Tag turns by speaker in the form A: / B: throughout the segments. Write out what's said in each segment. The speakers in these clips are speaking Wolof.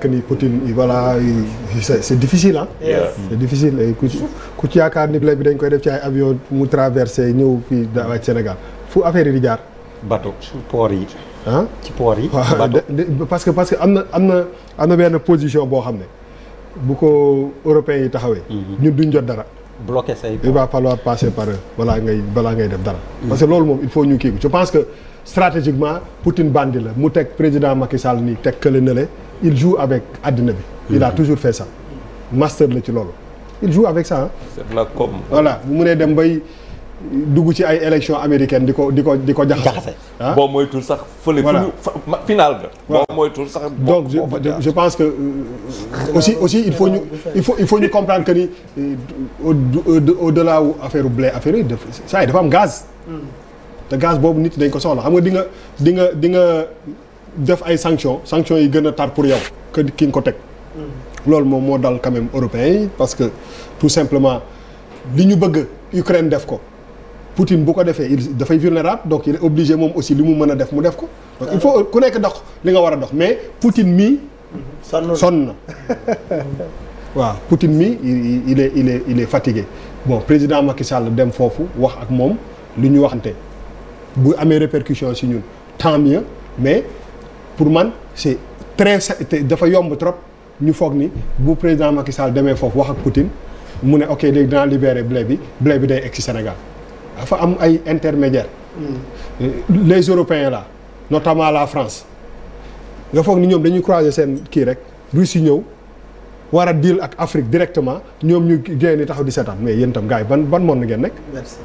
A: que ni Poutine voilà c'est difficile ah. c'est difficile ku ci ku ci bi dañ koy def ci ay avion mu traversé ñëw fii daawaaj Sénégal fu affaire yi di jaar. bateau port yi. ah ci port yi. parce que parce que am na am na am na benn position boo xam ne bu ko européens yi taxawee. Mhm. ñun duñ jot dara. bloqué say il va falloir passer par balaa ngay balaa ngay def dara. Mhm. parce que loolu moom il faut ñu kii je pense que stratégiquement Poutine bandi la mu teg président Macky Sall nii teg kële nële. il joue avec àddina bi. il a mm-hmm. toujours fait ça. master la ci loolu. il joue avec ça ah. c'est bu mënee dem bay dugg ci ay élections américaines di ko di ko di ko jaxase. ah sax fële. voilà final ga. moytul sax donc je, pense que. Euh, aussi aussi il faut ñu il faut il faut ñu comprendre que ni euh, au au delà wu affaire blé affaire yi daf saa yi dafa gaz. Mm. te gaz boobu nit dañ ko soxla xam nga di nga di nga di nga. def ay sanctions sanctions yi gën a tar pour yow que ki nga ko teg. Hmm. loolu moom moo dal quand même européens yi parce que tout simplement li ñu bëgg Ukraine def ko Poutine bu ko defee il dafay vulnérable donc il est obligé moom aussi li mu mën a def mu def ko. donc il faut ku nekk dox li nga war a dox mais Poutine mii. sonn na waaw Poutine mii il est il est il bon président Macky Sall dem foofu wax ak moom li ñu waxante bu amee répercussion si ñun tant mieux mais. pour man c'est très dafa yomb trop ñu foog ni bu président Macky Sall demee foofu wax ak Poutine mu ne ok léegi dinaa libérer blé bi blé bi day egg si Sénégal dafa am ay intermédiaires. Mm. les Européens là notamment la France nga foog ni ñoom dañuy croiser seen kii rek Russie ñëw war a deal ak Afrique directement ñoom ñu génn taxaw di seetaan mais yéen tam gars yi ban ban na ngeen nekk. merci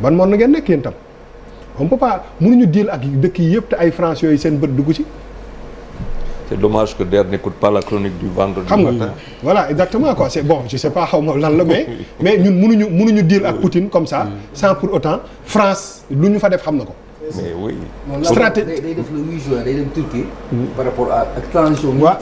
A: ban na ngeen nekk yéen tam on peut pas mënuñu deal ak dëkk yi yëpp ay France yooyu seen bët dugg ci. c'est dommage que Der n'écoute pas la chronique du vendredi matin. xam nga voilà exactement quoi c'est bon je sais pas xaw ma lan la mais mais ñun mënuñu deal ak Poutine comme ça sans pour autant France lu ñu fa def xam na ko. mais oui. stratégie day def le 8 juin day dem Turquie. Mm. par rapport à ak transition. waaw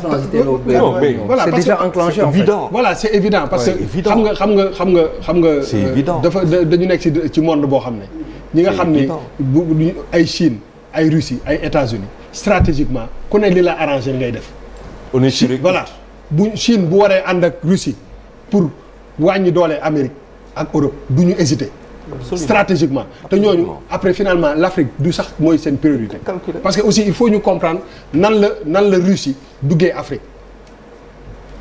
A: en fait. voilà c'est évident parce que xam nga xam nga xam nga xam nga. c'est euh, évident dafa dañu nekk ci ci monde boo xam ne. ñi nga xam ne bu ay Chine ay Russie ay États-Unis stratégiquement ku ne li la arrangé ngay def. on est Chine bu Chine bu waree ànd ak Russie pour wàññi doole Amérique ak Europe du ñu hésiter. stratégiquement te ñooñu après finalement l' Afrique du sax mooy seen priorité. parce que aussi il faut ñu comprendre nan la nan la Russie duggee Afrique.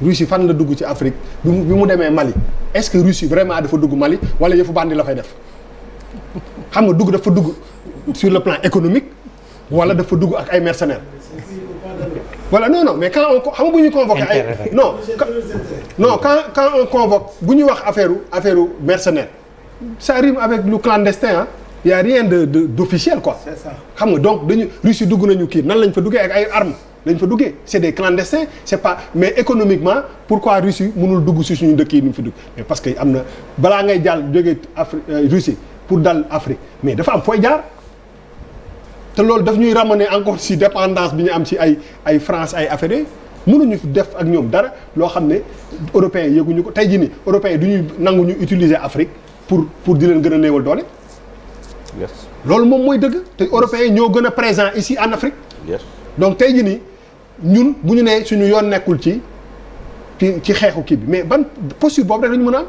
A: Russie fan la dugg ci Afrique bi mu bi mu demee Mali est-ce que Russie vraiment dafa dugg Mali walla yëfu bandi la fay def xam nga dugg dafa dugg sur le plan économique wala dafa dugg ak ay mercenaires. voilà non non mais quand on xam nga bu ñu convoqué non non quand on convoque bu ñuy wax affaire affaire mercenaire ça rime avec lu clandestin ah y a rien de de d'officiel quoi xam nga donc dañu Russie dugg nañu kii nan lañ fa duggee ak ay armes lañ fa duggee c'est des clandestins c'est pas mais économiquement pourquoi Russie mënul dugg si suñu dëkk yi ni mu fi dugg parce que am na balaa ngay jàll jógee Afrique euh, Russie pour dal Afrique mais dafa am fooy jaar te loolu daf ñuy ramener encore si dépendance bi ñu am si ay ay France ay affaires yi fi def ak ñoom dara loo xam ne européens yëguñu ko tey ji ni européens du ñuy nangu ñu utiliser Afrique pour pour di leen gën a néewal doole. loolu moom mooy dëgg te européens ñoo gën a présent ici en Afrique. donc tey jii nii ñun bu ñu nee suñu yoon nekkul ci ci ci xeexu kii bi mais ban posture boobu rek la mën a am.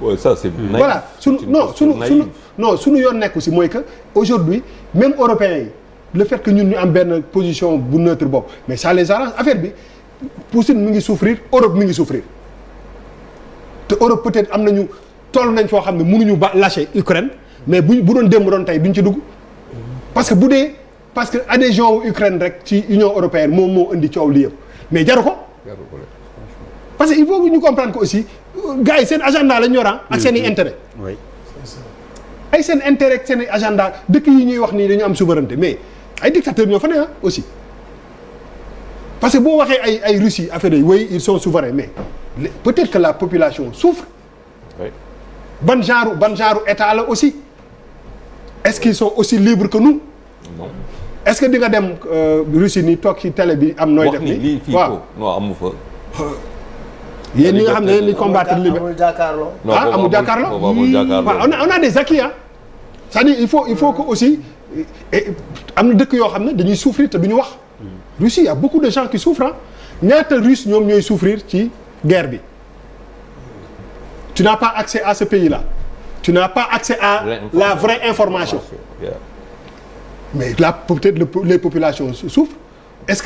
A: Ouais, ça c'est hmm. naïf. voilà sunu non sunu sunu non sunu yoon nekk si mooy que aujourd'hui même européens yi le fait que ñun ñu am benn position bu neutre bopp mais ça les arrange affaire bi Poutine mi ngi souffrir Europe mi ngi souffrir te Europe peut-être am nañu toll nañ foo xam ne mënuñu ba lâcher Ukraine mais buñ bu doon démb doon tey duñ ci dugg parce que bu dee parce que adhésion wu Ukraine rek ci Union européenne moom moo indi coow li yëpp mais jaru ko. parce que il faut ñu comprendre ko aussi euh, gars yi seen agenda la ñu yor ah, ak seen i intérêt. oui ay seen intérêt ak seen agenda dëkk yi ñuy wax ni dañu am souveraineté mais ay dictateurs ñoo fa ne ah aussi. parce que boo waxee ay ay Russie affaire yooyu oui ils sont souverains mais peut-être que la population souffre. oui ban genre ban genre état la aussi. est-ce qu'ils sont aussi libre que nous. est-ce que di nga dem euh, Russie ni toog ci télé bi am. nooy def ni waaw wax amu fa. Euh, yéen ñi nga xam ne yéen ñi combattre libéral ah, amul jàkkaarloo ah amul jàkkaarloo waaw on a on a des acquis il faut que aussi am na dëkk yoo xam ne dañuy souffrir te duñu wax Russie y a beaucoup de gens qui souffrent ñaata russe ñoom ñooy souffrir ci guerre bi tu na pas accès à ce pays-là tu n'as pas accès à la vraie information mais là peut-être les populations souffrent est-ce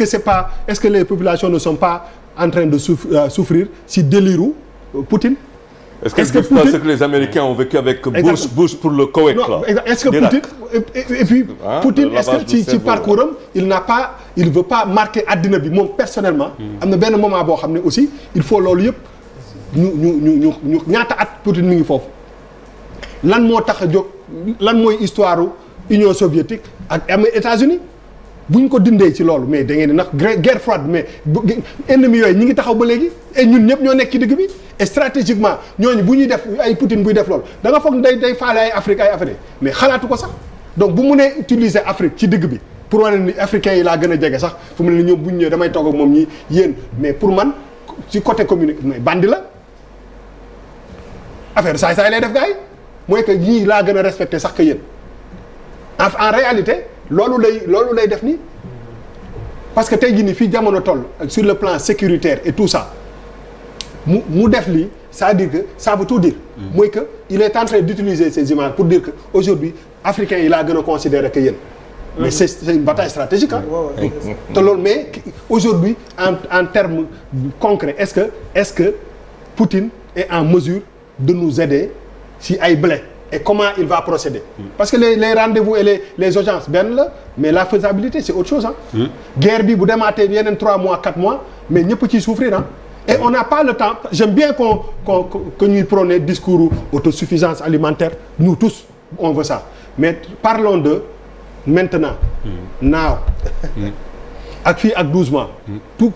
A: est-ce que les populations ne sont pas en train de euh, souffrir si déliru euh, Poutine. Est-ce que est-ce que Poutine ce que le Koweït là. est-ce que euh, ah, Poutine est-ce que ci parcours il n'a pas il veut pas marquer addina bi moom personnellement. Hmm. am na benn moment boo xam ne aussi il faut loolu yëpp ñu ñu ñu ñu ñaata at Poutine mi ngi foofu. lan moo tax a jóg lan mooy histoire Union soviétique ak am États-Unis bu ñu ko dindee ci loolu mais da ngeen di nax guerre froide mais ennemi yooyu ñi ngi taxaw ba léegi et ñun ñëpp ñoo nekk ci digg bi et ñooñu bu ñuy def ay Poutine buy def loolu da nga foog day day faale ay Afrique Afrique mais xalaatu ko sax donc bu mu nee utiliser Afrique ci digg bi pour wane ni africains yi laa gën a jege sax fu mu ne ni ñoom bu ñu ñëwee damay toog ak moom ñi yéen mais pour man ci côté communique mais bandi la affaire saay saay lay def gars mooy que ñii laa gën a respecté sax que yéen en en réalité. loolu lay loolu lay def ni parce que tey jii nii fii jamono toll sur le plan sécuritaire et tout ça mu mu def lii c'est-à-dire que ça veut tout dire. Mm. mooy que il est en train d'utiliser ces images pour dire que aujourd'hui africain yi laa gën a considérer que yéen. Mm. mais c'est c'est une bataille stratégique ah. te loolu mais aujourd'hui en en termes concrets est-ce que est-ce que Poutine est en mesure de nous aider si ay blé. et comment il va procéder. parce que les les et les les urgences benn la mais la faisabilité c'est autre chose ah. guerre bi bu demaatee yeneen 3 mois 4 mois mais ñëpp ci souffrir ah. et on n'a pas le temps j'aime bien qu'on qu'on que ñuy prôner discours alimentaire nous tous on ça mais parlons de maintenant. Hmm. naaw. Hmm. ak fii ak 12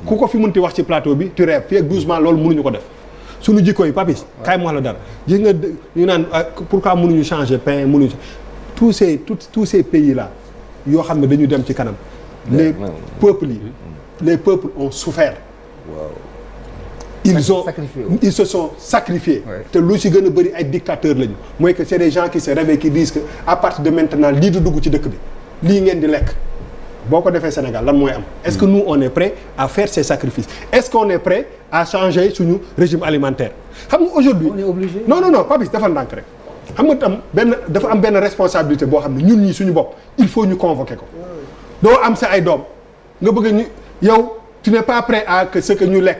A: ku ko fi mënti wax ci plateau bi tu rêves fii ak 12 mois loolu mënuñu ko def. suñu jikko yi papi kaay mu wax la dara gis nga ñu naan ah, pourquoi munuñu changer pain mënuñu tous ces tout tous ces pays là yoo xam ne dañu dem ci kanam les peuples yi mm. les peuples ont souffert waaw ils ont sacrifié. ils se sont sacrifiés te lu si gën a bëri ay dictateurs lañu mooy que c'est des gens qui se réveillent qui disent que à partir de maintenant lii du dugg ci dëkk bi lii ngeen di lekk boo ko defee Sénégal lan mooy am est-ce que nous on est prêt à faire ces sacrifices est-ce qu'on est prêt à changer suñu régime alimentaire xam nga aujourd'hui on est obligé non non non Papis dafa ndànk rek xam nga tam benn dafa am benn responsabilité boo xam ne ñun ñii suñu bopp il faut ñu convoquer ko doo am sa ay doom nga bëgg ñu yow tu n'es pas prêt à que ce que ñu lekk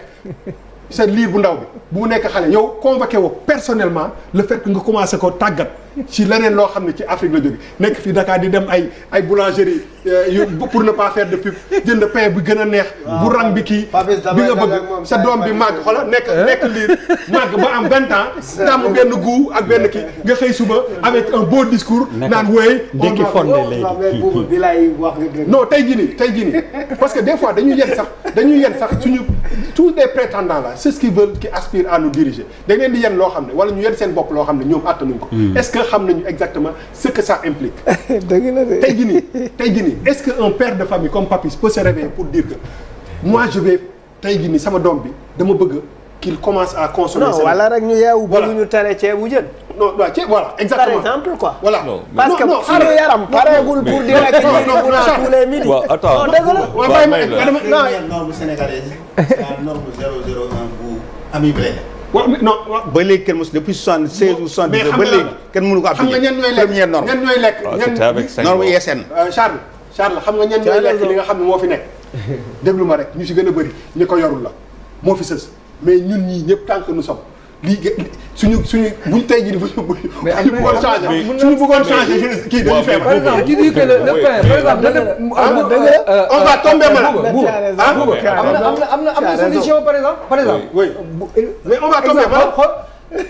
A: sa liir bu ndaw bi bu nekk xale yow convoqué woo personnellement le fekk nga commencé ko tàggat si la leneen loo xam ne ci Afrique la jóge nekk fii Dakar di dem ay ay boulangerie euh, yu pour ne pas faire de pub jënd pain bi gën a neex. bu rang bi kii. bi nga bëgg sa doom bi màgg xoola nekk nekk liir màgg ba am vingt ans. tàmm benn goût ak benn ki nga xëy suba avec un beau discours. naan wooy ndekki fondé léegi kii non tey jii tey jii parce que des fois dañuy yenn sax dañuy yenn sax suñu tous les prétendants là c'est ce qu'ils veulent qui à nous diriger dañ leen yenn loo xam ne wala ñu yenn seen bopp loo xam ne ñoom àttanuñ ko hmm. est-ce que xam nañu exactement ce que ça implique tey jii tey jii est-ce que un père de famille comme Papis peut se réveiller pour dire que moi je tey jii nii sama doom bi dama bëgg qu'il commence à consommer. non wala rek ñu yeewu. voilà bu ñu tere ceebu jën. non waaw ceeb voilà exactement par exemple quoi. voilà non parce que suñu yaram pareegul pour di lekk ñu bu naan tous les midi. waaw attends non dëgg la. norme sénégalaise la norme 001 bu Ami Blé. wa non ba léegi kenn mos depuis soixante seize ou soixante dix ba léegi kenn mënu ko appliquer. xam nga première norme ñan ñooy lekk ñan ñooy lekk norme ISN. Euh, Charles Charles xam nga ñan ñooy lekk li nga xam ne moo fi nekk déglu ma rek ñu si gën a bëri ñi ko yorul la moo fi sës mais ñun ñii ñëpp tant que nous sommes lii suñu suñu buñ tey jii buñ bëggoon changé suñu bëggoon changé kii dañuy feebar. par exemple tu dis que le par exemple on va tomber malade. am na am na solution par exemple.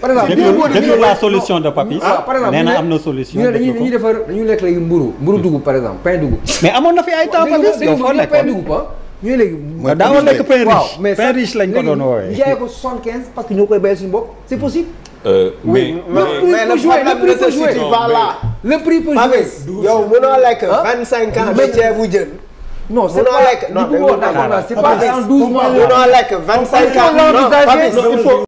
A: par exemple la solution de Papis. par na am na solution. dañuy dañuy defar dañuy lekk léegi mburu mburu dugub par exemple pain dugub. mais amoon na fi ay temps Papis. yow foo nekkoon ñu ne léegi. mooy daawoon nekk pain riche waaw mais pain riche lañ ko doon woowee. jaay ko soixante quinze parce que ñoo koy béy suñu euh, le prix peut jouer le prix peut jouer. Papis yow mënoo lekk vingt cinq ans ba non c'est pas lekk non c'est pas en douze mois mënoo lekk vingt cinq ans non